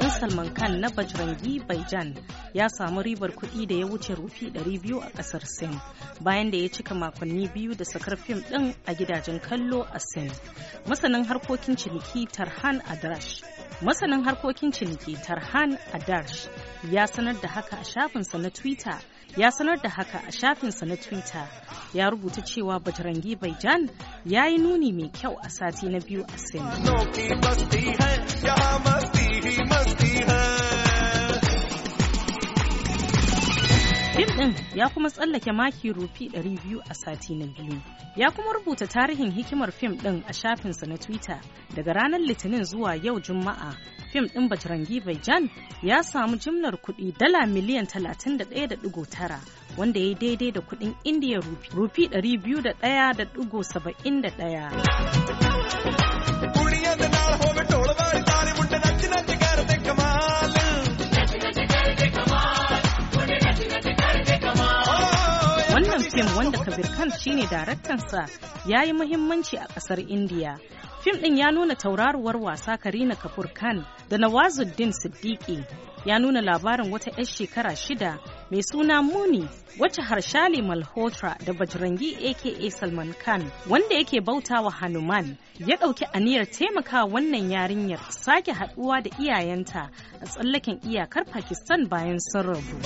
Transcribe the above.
kudin salman khan na bajrangi baijan ya samu ribar kudi da ya wuce rufi 200 a kasar sin bayan da ya cika makonni biyu da sakar fim din a gidajen kallo a sin masanin harkokin ciniki tarhan adrash masanin harkokin ciniki tarhan adarsh ya sanar da haka a shafinsa na twitter ya sanar da haka a shafinsa na twitter ya rubuta cewa batarangi baijan ya yi nuni mai kyau a sati na biyu a sin Fim ɗin ya kuma tsallake maki rufi 200 a sati na biyu. Ya kuma rubuta tarihin hikimar fim ɗin a shafinsa na Twitter daga ranar Litinin zuwa yau Juma'a. Fim ɗin Bajrangi Baijan ya samu jimlar kuɗi dala miliyan 31.9 wanda ya daidai da kuɗin Indiya rufi 201.71. fim wanda kabir khan shine daraktansa ya yi muhimmanci a kasar indiya fim ɗin ya nuna tauraruwar wasa karina Kapoor khan da nawazuddin Siddiqui. ya nuna labarin wata 'yar shekara shida mai suna muni wacce harshali malhotra da bajrangi aka salman khan wanda yake bauta wa hanuman ya ɗauki aniyar taimaka wannan yarinyar sake haɗuwa da iyayenta a tsallaken iyakar pakistan bayan sun rabu